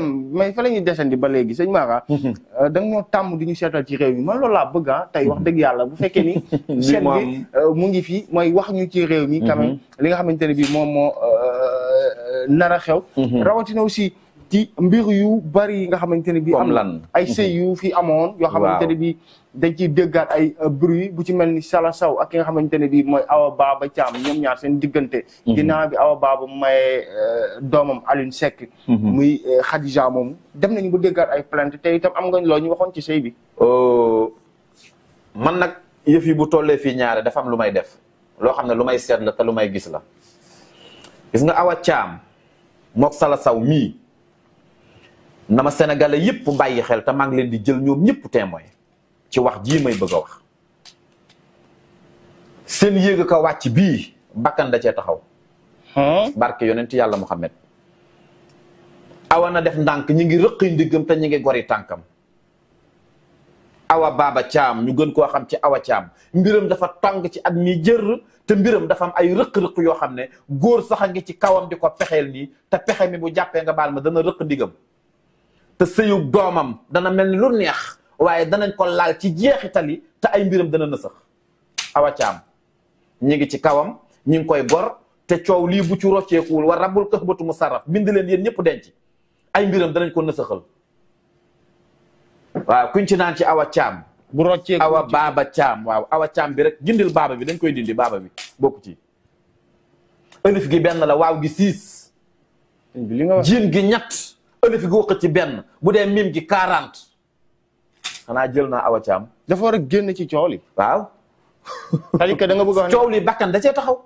mais fa la ñuy desandi ba léegi sañ Mara euh, da nga ñoo tàmm di ñu seetal ci réew mi ma loolu laa bëgg ah tey wax dëgg yàlla bu fekkee ni seet bi euh, mu ngi fi mooy wax ñu ci réew mi quand mm-hmm. li nga xamante ne bi moom moo euh, nar xew mm-hmm. rawatina aussi ci mbir yu bari yi nga xamante ne bii. am lan ay sëy yu fi amoon. yoo xamante ne bii dañ ciy déggaat ay euh, bruit bu ci mel ni Sala saw ak ki nga xamante ne bii mooy Awa Baba Thiam ñoom ñaar seen diggante. Mhm. ginnaaw bi Awa Baba may euh, doomam Alioune Seck. Mhm. muy euh, Khadija moom dem nañu ba déggaat ay plainte te itam am nga loolu ñu waxoon ci sëy bi. man nag yëfi bu tollee fii ñaare dafa am lu may def loo xam ne lu may seet la te lu may gis la gis nga Awa caam mook Sala Sow mii. na ma sénégalais yépp bàyyi xel te maa ngi leen di jël ñoom ñëpp témoin ci wax jii may bëgg a wax seen yéeg ka wàcc bii bakkan da cee taxaw hmm? barke yonent yàlla Muhammad awa na def ndànk ñi ngi rëqi ndiggam te ñi ngi gor yi tànkam awa baaba caam ñu gën koo xam ci awa caam mbiram dafa tàng ci at mi jër te mbiram dafa am ay rëq-rëq yoo xam ne góor sax a ngi ci kawam di ko pexeel nii te pexe mi bu jàppee nga baal ma dana rëq ndigam te sëyu doomam dana mel ni lu neex waaye danañ ko laal ci jeexital yi te ay mbiram dana nësax awa caam ñi ngi ci kawam ñi ngi koy gor te coow lii bu ci rocceekuwul war rabul këxbatu mu sarraf bind leen yéen ñëpp denc ay mbiram danañ ko nësëxal waaw kuñ ci naan ci awa caam bu rocceeku awa baaba caam waaw awa caam bi rek dindil baaba bi dañ koy dindi baaba bi bokk ci ëlif gi benn la waaw gi siis jiin gi ñett alif gi wax ci benn bu dee mim gi quarante xanaa jël na awa caam dafa war a génn ci coow li waaw c'est-à-dire que coow li bakkan da cee taxaw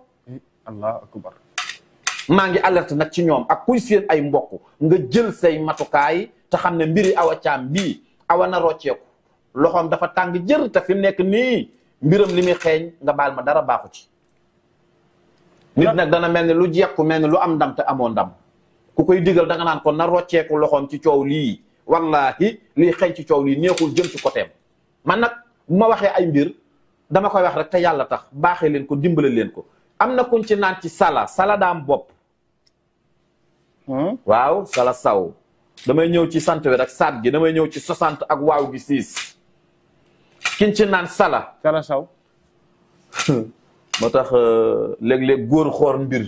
maa ngi alert nag ci ñoom ak kuy seen ay mbokk nga jël say matukaay te xam ne mbiri awa caam bii awa na rocceeku loxoom dafa tàng jër ta fi nekk nii mbiram li muy xeeñ nga baal ma dara baaxu ci nag dana mel ni lu jekku mel ni lu am ndam te amoo ndam ku koy digal da nga naan ko na rocceeku loxoom ci coow lii wallahi lii xëy ci coow lii neexul jëm ci côté man nag bu ma waxee ay mbir dama koy wax rek te yàlla tax baaxe leen ko dimbale leen ko am na kuñ ci naan ci sala sala daam bopp hmm? waaw sala saw damay ñëw ci sant bi rek saat gi damay ñëw ci soixante ak waaw gi siis kiñ ci naan sala sala moo tax euh, léeg-léeg góor xoor mbir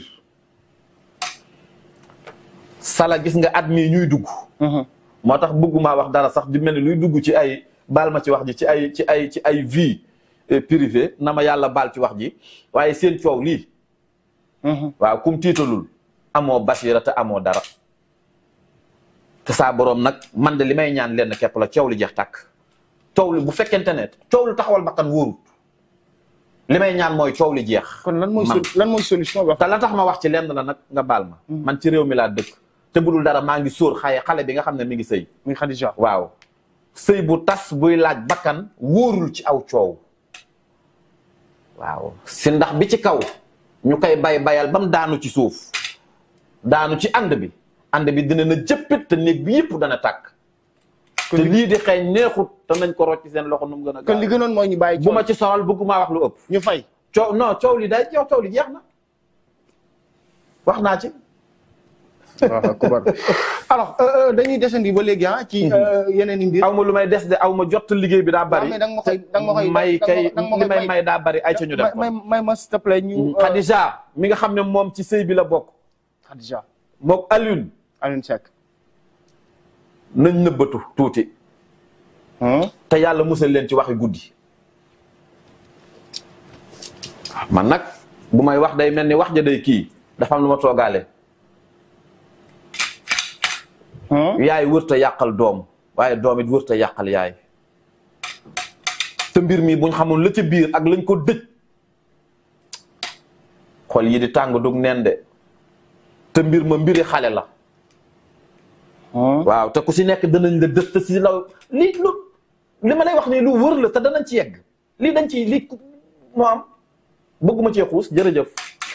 sala gis nga at mii ñuy dugg uh-huh. moo tax bëggumaa wax dara sax di mel ni luy dugg ci ay baal ma ci wax ji ci ay ci ay ci ay vie eh, privée na ma yàlla baal ci wax ji waaye seen coow lii uh-huh. waaw kum tiitalul amoo bassira te amoo dara te saa boroom nag man de li may ñaan leen képp la coow li jeex tàkk coow li bu fekkente ne coow lu taxawal bakkan wóorut li may ñaan mooy coow li jeex kon lan mooy lan mooy solution te la tax ma wax ci lenn la nag nga baal ma mm. man ci réew mi laa dëkk te budul dara maa ngi sóor xaye xale bi nga xam ne mi ngi sëy muy Khadija waaw sëy bu tas buy laaj bakkan wóorul ci aw coow waaw si ndax bi ci kaw ñu koy bay bayal bam daanu ci suuf daanu ci ànd bi ànd bi dina na jëppit te néeg bi yëpp dana takk te lii di xëy neexut te nañ ko rocc seen loxo nu mu gën a kon li gënoon mooy ñu bàyyi bu ma ci sonal bëgguma wax lu ëpp ñu fay coow non coow li day coow li jeex na wax naa ci Ah, ah, alors euh, euh, dañuy desandi ba léegi ah. ci mhm. euh, yeneen i mbir. aw ma lu may des de aw ma jot liggéey bi daa bari. waaw ma may kay li may daa bari ay ca ñu def. may may ma s'il te plaît ñu. Mhm. Khadija mi nga xam ne moom ci sëy bi bokk. Khadija moom Alioune. Alioune Seck. nañ tuuti. Hmm? te yàlla musal leen ci waxi guddi. man nag bu may wax day mel ni wax ja day kii dafa am lu ma toogaale. yaay wërta yàqal doom waaye doom it wërta yàqal yaay te mbir mi buñ xamoon la ca biir ak lañ ko dëj xol yi di tàng dug nen de te mbir ma mbiri xale la waaw te ku si nekk danañ la dës te si la lii lu li ma lay wax nii lu wër la te danañ ci yegg lii dañ ci lii moo am bëgguma cee xuus jërëjëf